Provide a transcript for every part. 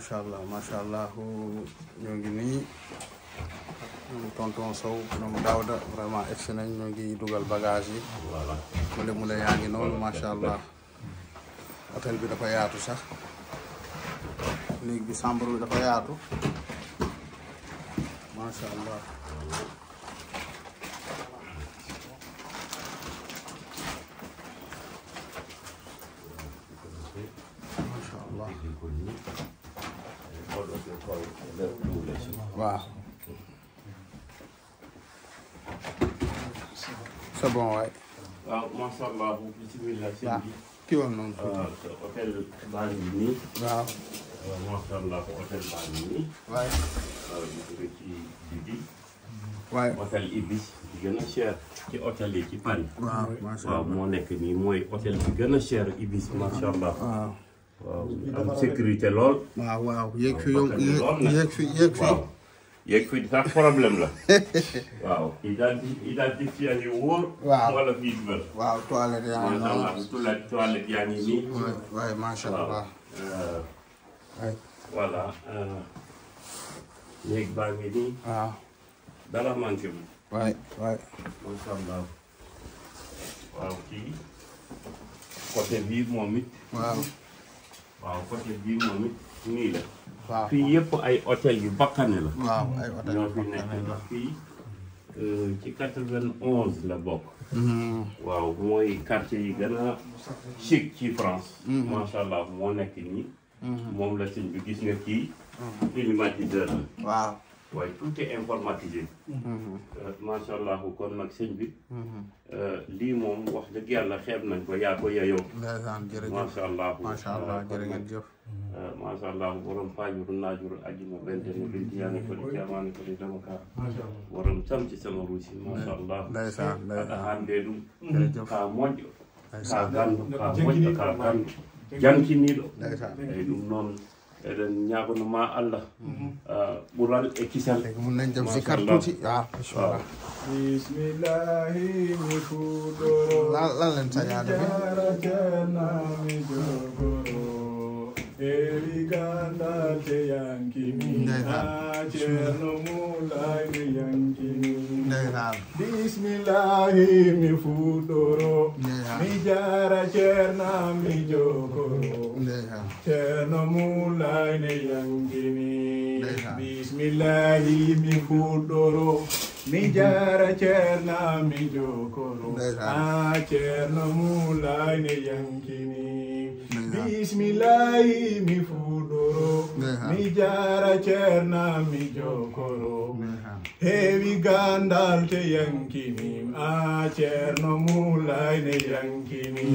macha allah macha allah ñoo ngi nii ñoom tonton Sow ñoom Daouda vraiment egsi nañ ñoo ngi dugal bagage yi. voilà mule mule yaa ngi noonu macha allah. hôtel bi dafa yaatu sax néeg bi chambre bi dafa yaatu macha allah. waaw c'est bon waay waaw macha allah bisimilah sëñ bi ki woon noonu hôtel baa ngi waaw macha allah hôtel baa ngi nii waaye euh, euh, ci Ibi waaye hôtel Ibi bi gën a yi ci Paris waaw moo nekk nii mooy hôtel bi gën a cher Ibis macha allah waaw am lool waaw waaw yéeg fi yomb yéeg fii sax problème la waaw identifier yu wóor wala fii dugal waaw toilette yaa ngi nii toilette yaa ngi nii waaye masha Allah euh, voilà euh, néeg baa ngi nii waaw dara manqué bu waay waay masha Allah waaw kii côté bii moom it waaw waaw côté bii moom it nii fii yëpp ay hôtel yu bakkane la. waaw ay hôtel yu bakkane la fii euh, ci quatre-vingt-onze la bokk. Mhm. waaw mooy quartier yi gën a chic ci France. Mhm. macha moo nekk nii. Mhm. moom la sëñ bi gis nga kii. climatiseur la. waaw. waaye tout est informatisé. Mhm. Euh, macha allah kon nag sëñ bi. Mhm. Euh, lii moom wax dëgg yàlla xeeb nañ ko yaa ko yeyoo. macha allah macha allah euh, jërëjëf. macha allah borom faajuru naajuru ajjuma bentene bintiyaane ko di jamaane ko di damaka. borom sam ci sama ruusi macha allah. ndeysaan ndeysaan handeeɗum ka moƴƴo ka gandu ka moƴƴo ka gandu jankiniiɗo eyi ɗum noon eɗen ñagono ma allah mhm. ah, ɓural e kisal mun nañ jam si kar tuuti a inchallah ah. bismillahi eh. mi fuɗoro lalen taƴaɗomi jogoro eriganda te yankimi ha ceerno mulay mi yankimi ndeysaan bismillahi mi fuutoro mi jaara ceerna mi jokoro ceerno mulay ne yangini bismillahi mi fuutoro mi jaara ceerna mi jokoro a ah, ceerno mulay ne yangini bismillahi mi fuɗoro mi jara ceerna mi jokoro heewi gandal te yankinim a ceerno mulay ne yankinim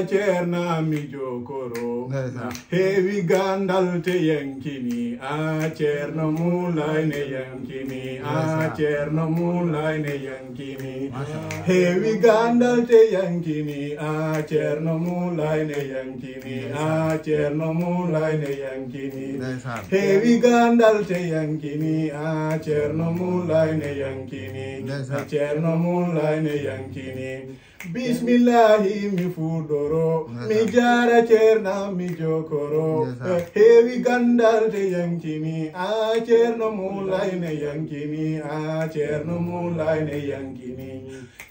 ceerna mi jokoro heewi gandal te yankini a ceerno mulay ne yankini a ceerno mulay ne yankini heewi gandal te yankini a ceerno mulay ne yankini a ceerno mulay ne yankini heewi gandal te yankini a ceerno mulay ne yankini ceerno mulay ne yankini bismillahi mi fuɗɗoro mi jara ceerna mi jokoro heewi eh, gandarde yankini a ceerno mulayne yankini a ceerno mulayne yankini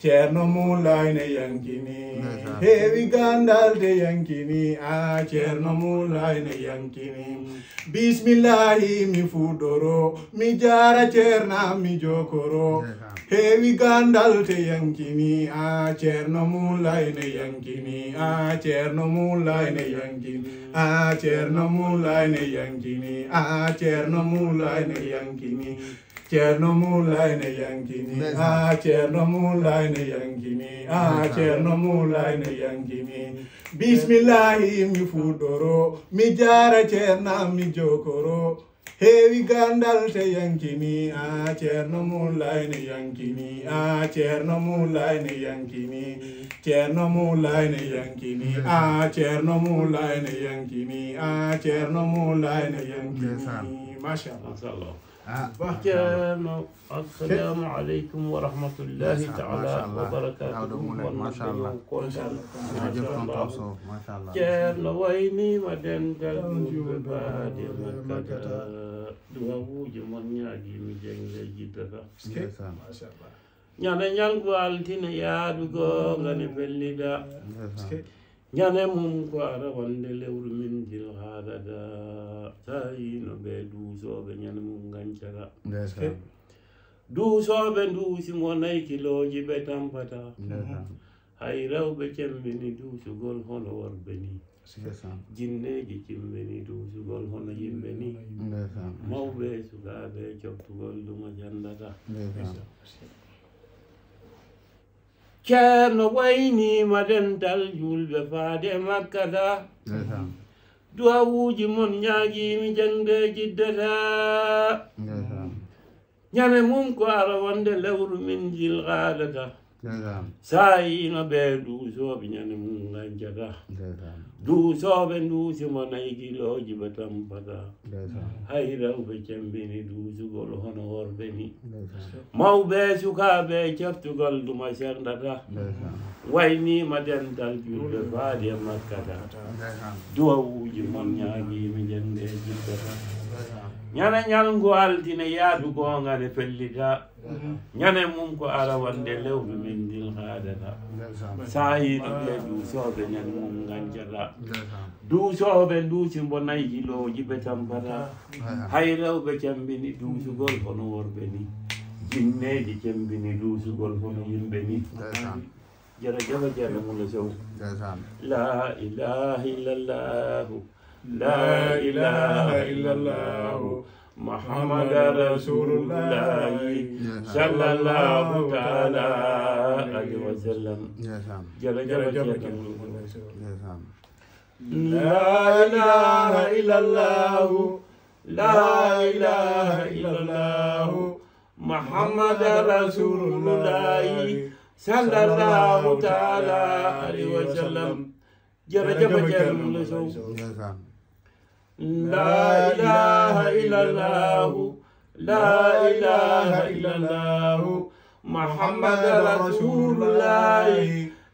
ceerno mulayne yankini heewi gandarde yankini a ceerno mulayne yankini bismillahi mi fuɗɗoro mi jara ceerna mi jokoro heewi gandalte yankini a ceer Cerno Mulay ne yankini a Cerno Mulay ne yankini a Cerno Mulay ne yankini a Cerno Mulay ne bismillahi mi fuɗɗoro mi jaara ceernam mi jokoro heewi gandal te yankini a ceerno mulay ne yankini a ceerno mulay ne yankini ceerno mulay ne yankini a ceerno mulay ne yankini a ceerno mulay ne yankini machallah wax ceerno assalaamu aleykum wa rahmatullahi taala wa barakatuhu man dañu kontaan ceerno way ni ma dengal muɓe baade makkata duwawuji mon ñaagimi jengle jidda ta ñande ñalgo altine yaadugo ngani belliɗa ñanemum ko aɗa wonde lewru min jil haɗaɗa tayino ɓe duusoɓe ñande mum gancata duusoɓe duusimo nayi kiloji ɓe tampata hay rewɓe cemmini duusugol hono worɓe ni jinneji cimmini duusugol hono yimɓe ni mawɓe sukaaɓe coftugol ɗuma jandata ceerno waynima dental julɓe faade makka da duwawuji mon ñaagiimi jangde jiddata ñame mum ko arawande lewru min jilgaadata sayino ɓe duusoɓe ñande mum gancata duusoɓe duusimo nayi kiloji ɓe tampata hayran ko cambini duusugol hono worɓe ni mawɓe sukaɓe certugol duma serdata waynima dental julɓe faadi e makkata duwawuji mon ñaagimi nden nde jiddata ñana ñalngu aldina yaadu goongane fellita ñane mhm. mum ko ara wande lewɓe min ndin haadata saayiɗo duusooɓe ñan mum gancata duusooɓe duusi mbo nayi ɓe tampata hay rewɓe cambini duusugol hono worɓe ni jinneeji cambini duusugol hono yimɓe ni jara jaba jara mulo sow illallahu لا إله إلا الله محمد رسول الله صلى الله تعالى عليه وسلم جل جل جل لا إله إلا الله لا إله إلا الله محمد رسول الله صلى الله تعالى عليه وسلم جل جل جل لا إله إلا الله لا إله إلا الله محمد رسول الله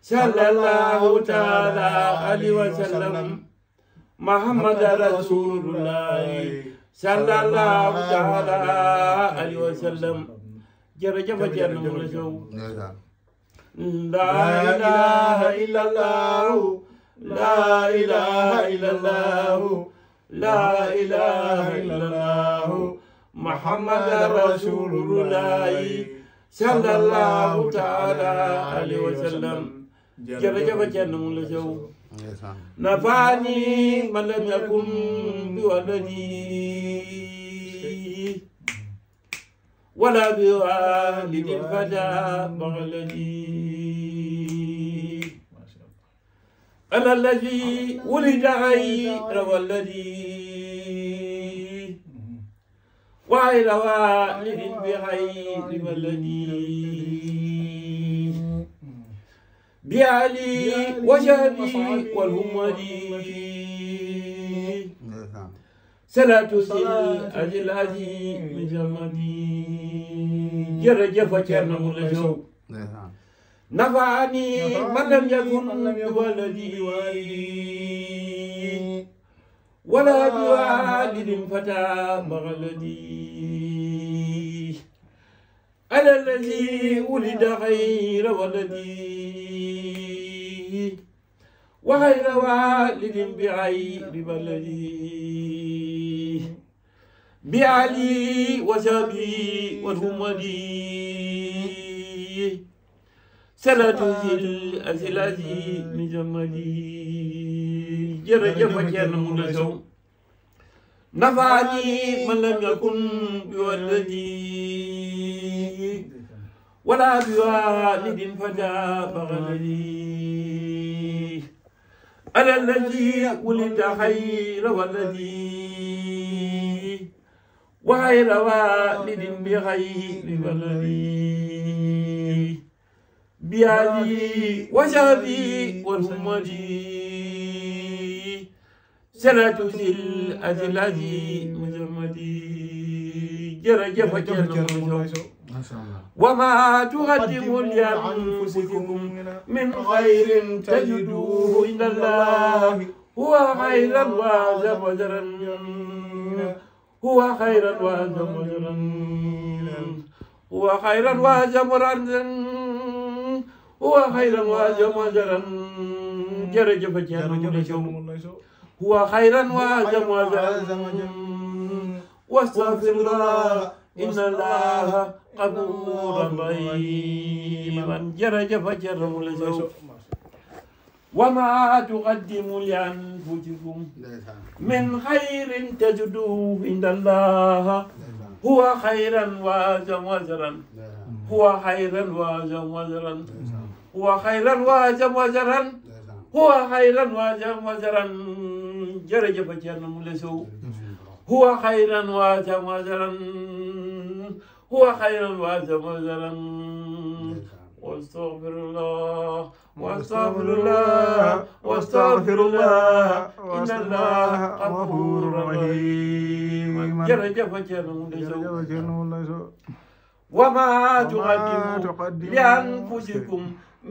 صلى الله تعالى عليه وسلم محمد رسول الله صلى الله تعالى عليه وسلم جرجف جرم لا إله إلا الله لا إله إلا الله لا إله إلا الله محمد رسول الله صلى الله تعالى عليه وسلم جب جب جنم لجو نفعني من لم يكن بولدي ولا بوالد الفتى بغلدي أنا الذي ولد غير والذي وغير والد بغير والذي بعلي وجهبي والهمدي سلا تسل أجل أجي من جمدي جرجف كان ملجو نفعني من لم يكن ولدي ولا بوالد فتى مغلدي أنا الذي ولد غير ولدي وغير والد بغير بلدي بعلي وسبي والهمدي salaatu zil asilaasi mi samadi jërëjëf a ceerno mu na sow man lam yakun bi walladi wala bi walidin fada baxaladi ala alladi wulida xayra walladi wa xayra walidin bi بيادي وشافي وصمدي سنة الذي مزمدي جرجف جرم وما تقدموا لأنفسكم من خير تجدوه عند الله هو خيرا وأعظم أجرا هو خيرا وأعظم أجرا هو خيرا وأعظم أجرا waa xayran waa jamajaran jërëjëf Thierno Moule Sow waa xayran waa jamajaran wastaghfirullah inna allaha ghafuurun rahiim jërëjëf Thierno Moule Sow wa maa tuqaddimu li anfusikum min xayrin tajiduhu inda allahi huwa xayran waa jamajaran huwa xayran waa jamajaran huwa xayran waa jam wa jaran huwa xayran waa jam wa jaran jërëjëf Thierno Moule Sow huwa xayran waa jam wa jaran huwa xayran waa jam wa jaran واستغفر الله واستغفر الله واستغفر الله ان الله غفور رحيم جرجف جرم وما تقدموا لانفسكم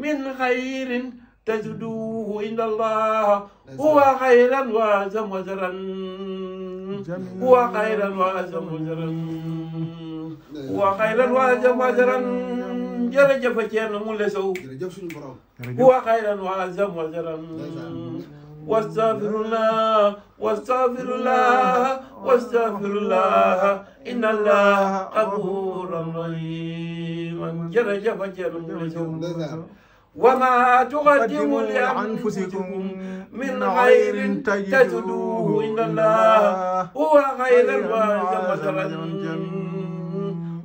من خير تجدوه عند الله هو خيرا وأعظم وزرا هو خيرا وأعظم وزرا هو خيرا وأعظم وزرا jërëjëf Thierno Moule Sow هو خيرا وأعظم وزرا واستغفر الله واستغفر الله واستغفر الله إن الله غفور رحيم jërëjëf Thierno Moule Sow وما تقدموا لأنفسكم من خير تجدوه عند الله هو خير الوارث مثلا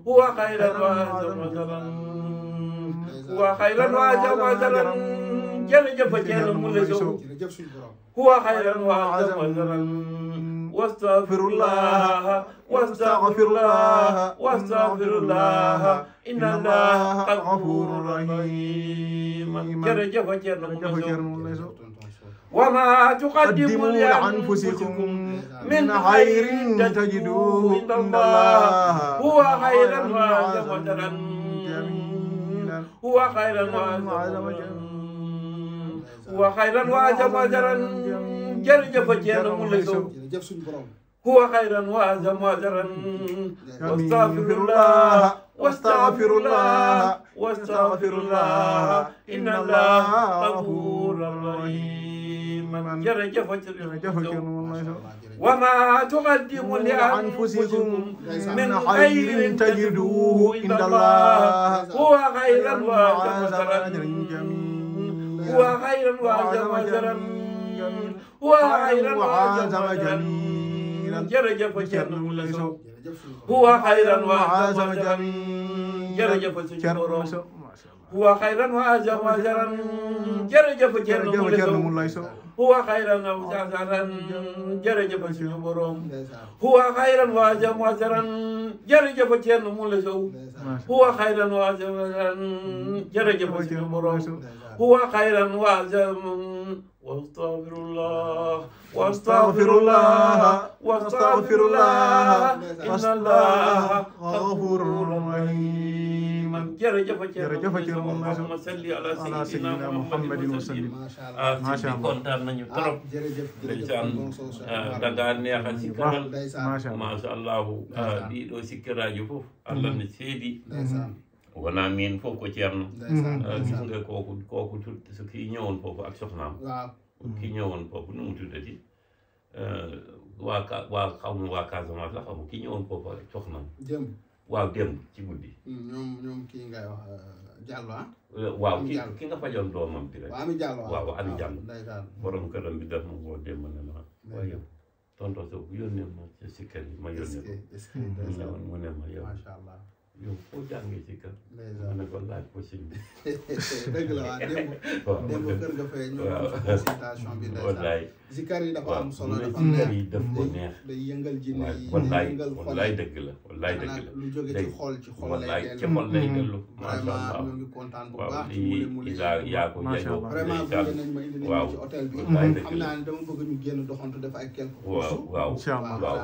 هو خير الوارث مثلا هو خير الوارث مثلا جل جف جل ملسو هو خير الوارث مثلا واستغفر الله واستغفر الله واستغفر الله إن الله غفور رحيم جرجف جرجف وما تقدموا لأنفسكم من خير تجدوه عند الله هو خيرا وجزاء هو خيرا وجزاء هو خيرا وجزاء jërëjëfa ceerno mu lay sow jëf suñu borom huwa xayran wa azam wa daran wastaghfirullah wastaghfirullah wastaghfirullah inna allah ghafurur rahim jërëjëfa ceerno وما تقدموا لأنفسكم من خير تجدوه عند الله هو خيرا وأجر وأجرا هو خيرا وأجرا وعيرا وعازم جميلا جرجف شرم لسو هو خيرا وعازم جميلا جرجف شرم لسو هو خيرا وعازم جرم جرجف شرم لسو هو خيرا وعازم جرجف شرم هو خيرا وعازم جرم jërëjëf Thierno Moule Sow huwa xayran wa jërëjëf suñu borom huwa xayran wa واستغفر الله واستغفر الله واستغفر الله ان الله غفور رحيم jërëjëf jërëjëf Allahumma salli ala sayyidina Muhammadin wa sallim ma sha Allah kontaan nañu trop jërëjëf da ngaa neex a sikkaral ma sha Allah ɗiɗo sikkiraaji fof Allah ne seedi wala miin foofu ko ceerno ah, gis nga kooku kooku tudd ki kii ñëwoon foofu ak soxnaam ki ñëwoon foofu nu mu tuddati ah, waa ka waa xaw ma waa kii ñëwoon foofu ak soxnaam démb waaw démb ci guddi ki nga fajoon doomam bi rek ah. Ami Diallo waaw borom këram bi def ma woo démb ne ma waaye tonton Sow yónnee ma ci sikkar yi ma yónnee ko mu ne ma yow yow foo jàngee ci kan. ma ne ko laaj ko sëñ bi. dëgg la waaw démb. démb kër nga fay ñu présentation bi. wallaay zikar yi dafa am solo dafa neex yi daf ko neex. day yëngal jinne yi wallaay wallaay dëgg la wallaay dëgg la. lu jóge ci xol ci xol lay dellu. ci xol lay dellu. macha allah vraiment ñu ngi kontaan bu baax. ci mule mule yaa ko jaajoo. vraiment bëgg nañ ma indi nañ ci hôtel bi. xam naa ne dama bëgg ñu génn doxantu def ay quelques courses. waaw waaw waaw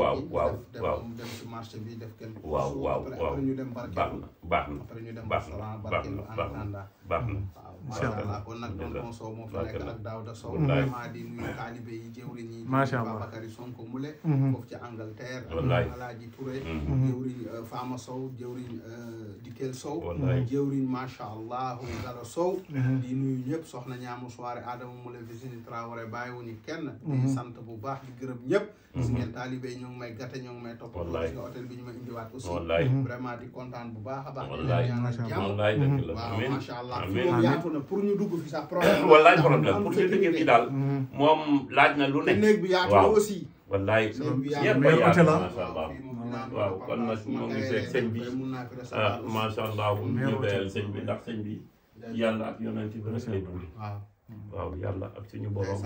waaw waaw waaw waaw dem ci marché bi def quelques courses. après ñu dem barkeelu baax na baax na baax na baax na macha allah kon nag tonton Sow moo fi nekk nag Daouda Sow vraiment di nuyu taalibe yi jëwriñ yi macha allah Bakary Sonko Mule mhm. foofu Alaaji Touré mhm. jëwriñ euh, Fama Sow jëwriñ euh, Dikel Sow jëwriñ macha allah Dara Sow mhm. di nuyu ñëpp soxna ñaamu soirée Adama Mule Visini Traoré bàyyiwuñu kenn di sant bu baax di gërëm ñëpp si ngeen taalibe yi ñoo ngi may gàtte ñoo ngi may topp si nga hôtel bi ñu ma indiwaat aussi vraiment di kontaan bu baax a baax di ñaanal jàmm waaw macha amiin moom yaatu na pour ñu dugg fi sax problème wallaay problème pour ñu dugg fi daal mm-hmm. moom laaj na lu ne néeg bi yaatu na aussi wallaay ñëpp a yaatu na waaw waaw kon nag moo ngi seeg sëñ bi ah macha allah ñu doyal sëñ bi ndax sëñ bi yàlla ak yonent bi rek lay dund Mhm. waaw yàlla ak suñu borom.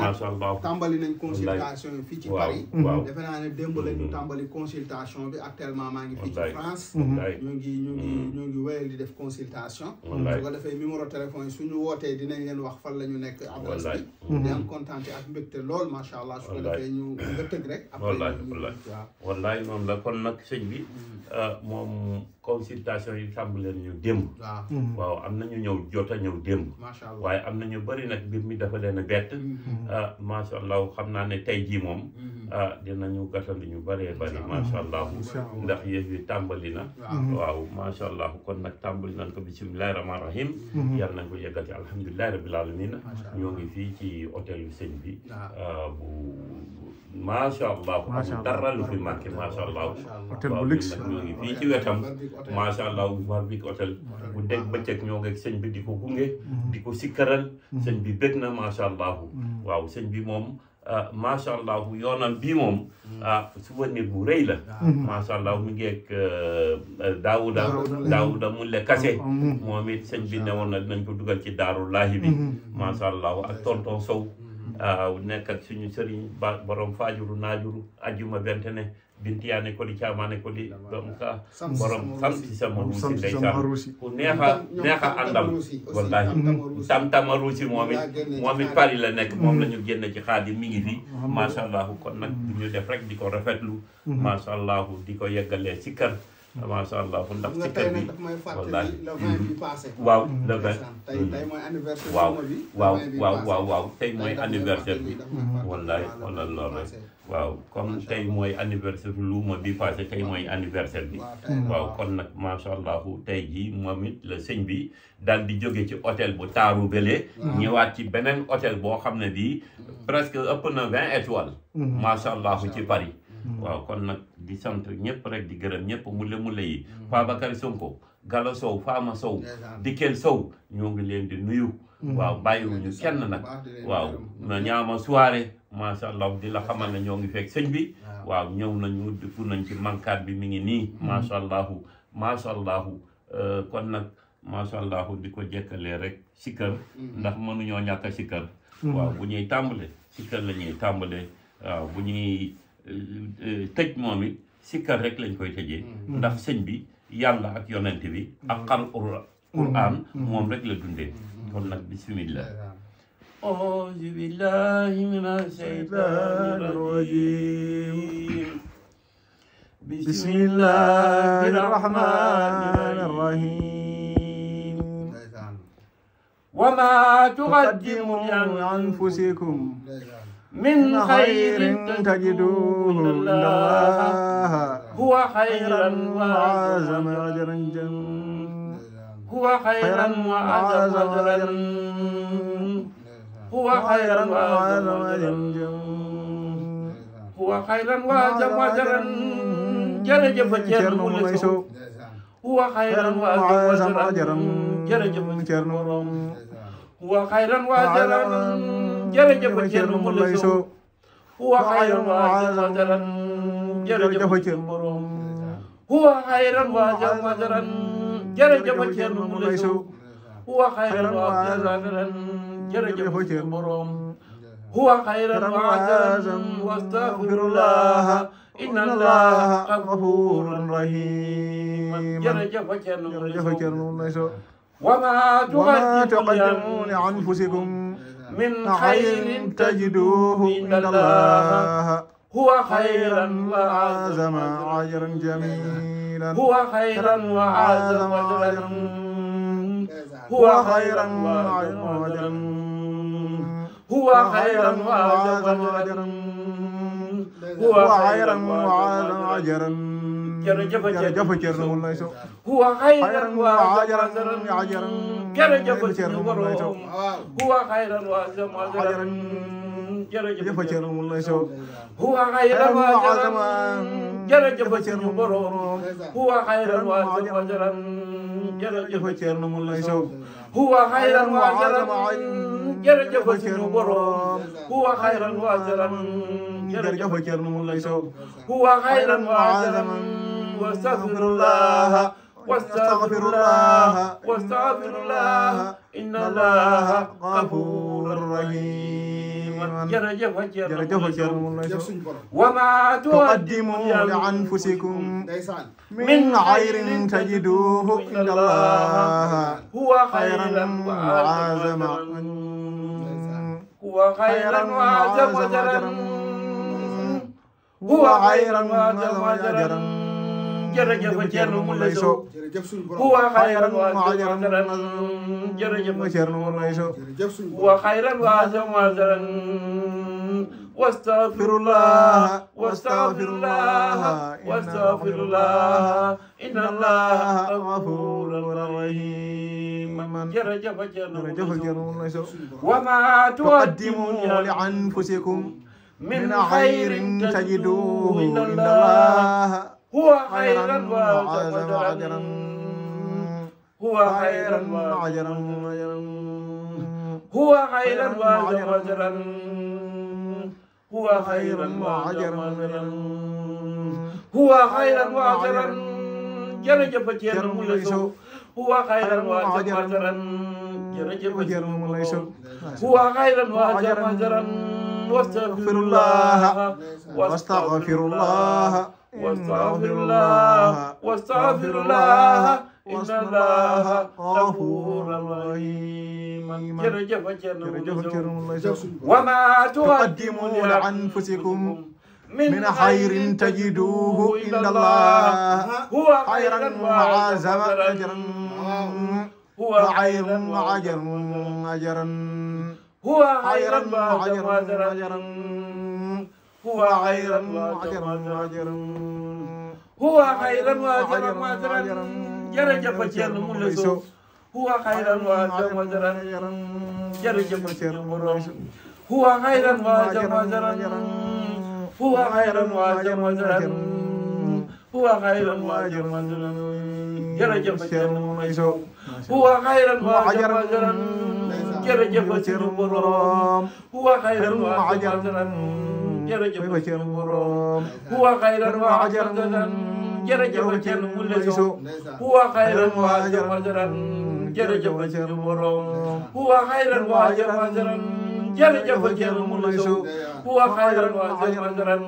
macha allah tàmbali nañ consultation yi fii ci Paris. waaw defe naa ne démb la ñu mhm. tàmbali consultation bi actuellement maa ngi fii ci France. ñu ngi ñu ngi mhm. ñu def consultation. su ko defee numéro téléphone yi suñu wootee dinañ leen wax fan la ñu nekk adresse bi. di am kontaan ak mbégte lool macha allah. su ko defee ñu nga tëgg rek. après ñu wallaay wallaay noonu la kon nag sëñ bi euh, moom. consultation yi tàmbaleen ñu démb mm-hmm. waaw am na ñu ñëw jot a ñëw démb waaye am na ñu bari nag mbir mi dafa leen a bett mm-hmm. ah, macha allah xam naa ne tey jii moom nañu mm-hmm. ah, dinañu bi ñu bëree bëri macha allah ndax yëf tàmbali na waaw macha allah kon nag tàmbali nañ ko bisimilahi rahmaani rahim yàlla nañ ko yeggati alhamdulilahi rabil alamin ñoo ngi fii ci hôtel yu bi macha allah amul dara lu fi manqué macha allah. hôtel bu luxe ñu ngi fii ci wetam macha allah war bi hôtel bu dégg bëccëg ñoo ngeeg sëñ bi di ko gunge. Mm-hmm. di ko sikkaral. Mm-hmm. sëñ bi bég na macha allah. Mm-hmm. waaw sëñ bi moom ah, macha allah yoonam bii moom. ah souvenir bu rëy la. macha allah mu ngi ak ah, ah, Daouda. Daouda mu le kase. moom it sëñ bi newoon na dinañ ko dugal ci daaru laahi bi. macha allah ak tonton Sow. waaw nekk ak suñu sëriñ ba borom faajuru naajuru ajjuma bente ne bintiyaane ko di caamaane ko di doom ka borom samti sa maruusi ndeysaan ku neexa neexa àndam wallaahi tam-tama ruusi moom it moom it Paris la nekk moom la ñu mm-hmm. génn ci xaadim mi ngi fi maasaallahu kon nag du ñu def rek di ko rafetlu mm-hmm. maasaallahu di ko yeggalee si kër Mm-hmm. macha allah fu ndax ci kër gi wallaahi mm-hmm. waaw mm-hmm. waaw waaw waaw tey mooy anniversaire bi wallaahi wala loolu rek waaw comme tey mooy anniversaire luuma bi passé tey mooy anniversaire bi waaw kon nag macha allah tey jii moom la sëñ bi dal di jóge ci hôtel bu taaru bële ñëwaat ci beneen hôtel boo xam ne bii presque ëpp na vingt étoiles macha allah ci Paris Mm. waaw kon nag di sant ñëpp rek di gërëm ñëpp mule mule yi Fabakary mm. Sonko gala Sow Fama Sow Dikel Sow ñoo ngi leen di nuyu mm. waaw bàyyiwuñu kenn nag waaw na ñaama soirée macha allah di la na ne ñoo ngi fek sëñ bi waaw ñëw nañu dugg nañ ci mankaat bi mi ngi nii macha allahu macha allahu euh, kon nag macha allahu di ko jekkalee rek si kër ndax mënuñoo ñàkk a si waaw bu ñuy tàmbale si kër la ñuy tàmbale waaw bu ñuy Euh, euh, tëj moom it sikkar rek lañ koy tëjee mm-hmm. ndax sëñ bi yàlla ak yonent bi ak xal mm-hmm. quran mm-hmm. moom rek la dundee kon nag bismillah أعوذ بالله من الشيطان الرجيم بسم الله الرحمن الرحيم وما تقدموا لأنفسكم من خير تجدوه الله هو خيرا وأعظم أجرا هو خيرا وأعظم أجرا هو خيرا وأعظم أجرا هو خيرا وأعظم أجرا جرجف جرم هو خيرا وأعظم أجرا جرجف جرم هو خيرا وأعظم أجرا jërëjëf Thierno Moule Sow huwa xayran waajaran jërëjëf Thierno Morom huwa xayran waajaran jërëjëf Thierno Moule Sow huwa xayran waajaran jërëjëf Thierno Morom huwa xayran waajaran wastaghfirullah inna allaha gafurun rahim jërëjëf Thierno Moule Sow wa ma tuqaddimu li anfusikum من خير تجدوه عند الله هو خيرا وأعظم أجرا جميلا هو خيرا وأعظم أجرا هو خيرا وأعظم أجرا هو خيرا وأعظم أجرا هو خيرا وأعظم أجرا jërëjëf jërëjëf Thierno Moulay Sow. huwa xayran wa ajaran ajaran jërëjëf Thierno Moulay Sow. huwa xayran wa ajaran jërëjëf Thierno Moulay Sow. huwa xayran wa ajaran jërëjëf Thierno Borom. huwa xayran wa ajaran jërëjëf Thierno Moulay Sow. huwa xayran wa ajaran jërëjëf Thierno Borom. huwa xayran wa ajaran jërëjëf Thierno Moulay Sow. huwa xayran wa ajaran واستغفر الله واستغفر الله واستغفر الله إن الله غفور رحيم jërëjëf jërëjëf jërëjëf وما تقدموا لأنفسكم من خير تجدوه عند الله هو خيرا وأعظم هو خيرا وأعظم أجرا هو خيرا وأعظم أجرا jërëjëf Thierno Moulé Sow wa xayran waasiran jërëjëf Thierno Moulé Sow wa xayran waasiran wastaghfirullah wastaghfirullah wastaghfirullah inna allaha ghafurun rahim jërëjëf Thierno Moulé Sow wa ma tuqaddimu li anfusikum min khayrin tajiduhu inda allah هو خيرا وأجرا هو خيرا وأجرا هو خيرا وأجرا هو خيرا وأجرا هو خيرا وأجرا jërëjëf Thierno Moule Sow هو خيرا وأجرا jërëjëf Thierno Moule Sow هو خيرا وأجرا واستغفر الله واستغفر الله واستغفر الله واستغفر الله إن الله غفور رحيم جرجف جرجف وما تقدموا لأنفسكم من خير تجدوه عند الله هو خيرا وعازم أجرا هو خيرا وعجرا أجرا هو خيرا وعجرا أجرا هو خيرا واجرا واجرا هو خيرا واجرا واجرا jërëjëf Thierno Moule Sow huwa xayran waajan wa jaran jërëjëf Thierno Moule Sow huwa xayran waajan wa jaran huwa xayran waajan wa jaran huwa xayran waajan wa jaran jërëjëf Thierno Moule Sow huwa xayran waajan wa jaran jërëjëf Thierno Moule Sow huwa xayran waajan wa jaran jërëjëf seen borom huwa xayran wa ajran jërëjëf seen muliso huwa xayran wa ajran jërëjëf seen borom huwa xayran wa ajran jërëjëf seen muliso huwa xayran wa ajran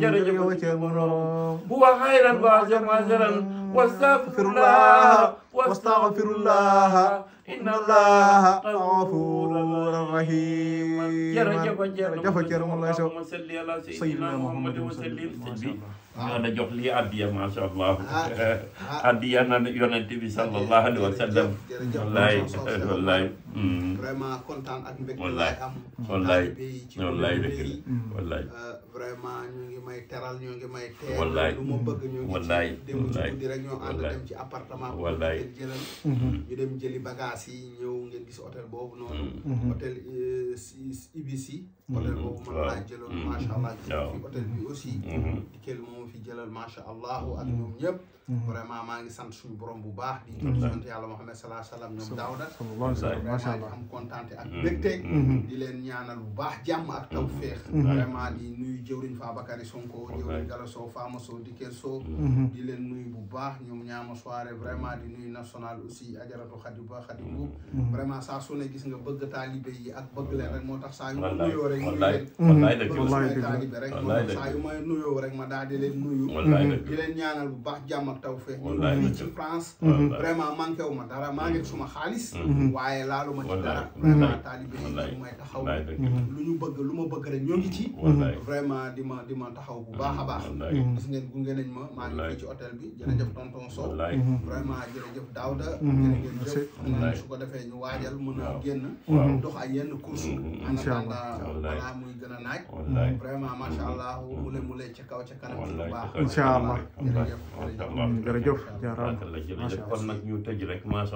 jërëjëf seen borom huwa xayran wa ajran واستغفر الله واستغفر الله إن الله غفور رحيم jërëjëf jërëjëf Allahumma salli ala sayyidina Muhammad wa sallim na jox lii addiya macha allah addiya ah, ah, ah. na yonent bi sallallahu alayhi wa sallam mm. kontaan ak mbégte wallaay ñoo ànd dem ci appartement boobu ngeen jëlal mhm. ñu dem jëli bagage yi ñëw ngeen gis boobu noonu mhm. Mhm. hôtel euh, ibis hôtel boobu man laa jëloon macha allah ci hôtel bi aussi dikkeel mm-hmm. moom fi ak mm-hmm. ñoom ñëpp mm-hmm. vraiment maa ngi sant suñu borom bu baax di jot sant yàlla Muhammad salaa salaam ñoom daawda macha allah am kontaante leen ñaanal bu baax jàmm ak taw féex di nuyu jëwriñ Fabakary Sonko jëwriñ Gala Sow Fama bu baax ñoom ñaama soirée vraiment di nuyu national aussi ajaratu Khadiba Khadibu vraiment saa su ne gis nga bëgg taalibe ak bëgg leen moo tax saa yu nuyoo rek wallaay mm-hmm. wallaay dëgg la wallaay dëgg la wallaay yu may nuyoo rek ma daal di leen nuyu. wallaay leen ñaanal bu baax jàmm taw tawfeex. wallaay dëgg la ci France. vraiment manqué wu ma dara maa ngi suma xaalis. Mm-hmm. waaye laalu ma ci dara. vraiment taalibe yi may taxaw mm-hmm. lu ñu bëgg lu ma bëgg rek ñoo ngi ci. vraiment di ma di ma taxaw bu baax a baax. gis ngeen gunge nañ ma maa ngi fii ci hôtel bi jërëjëf tonton Sow. vraiment jërëjëf Daouda. jërëjëf su ko defee ñu waajal mën a génn dox ay yenn course en attendant balaa muy gën a naaj vraiment macha allah mule mm-hmm. mule ca kaw ca kanam ci lu baax incha allah jërëjëf jërëjëf jaaraama kon nag ñu tëj rek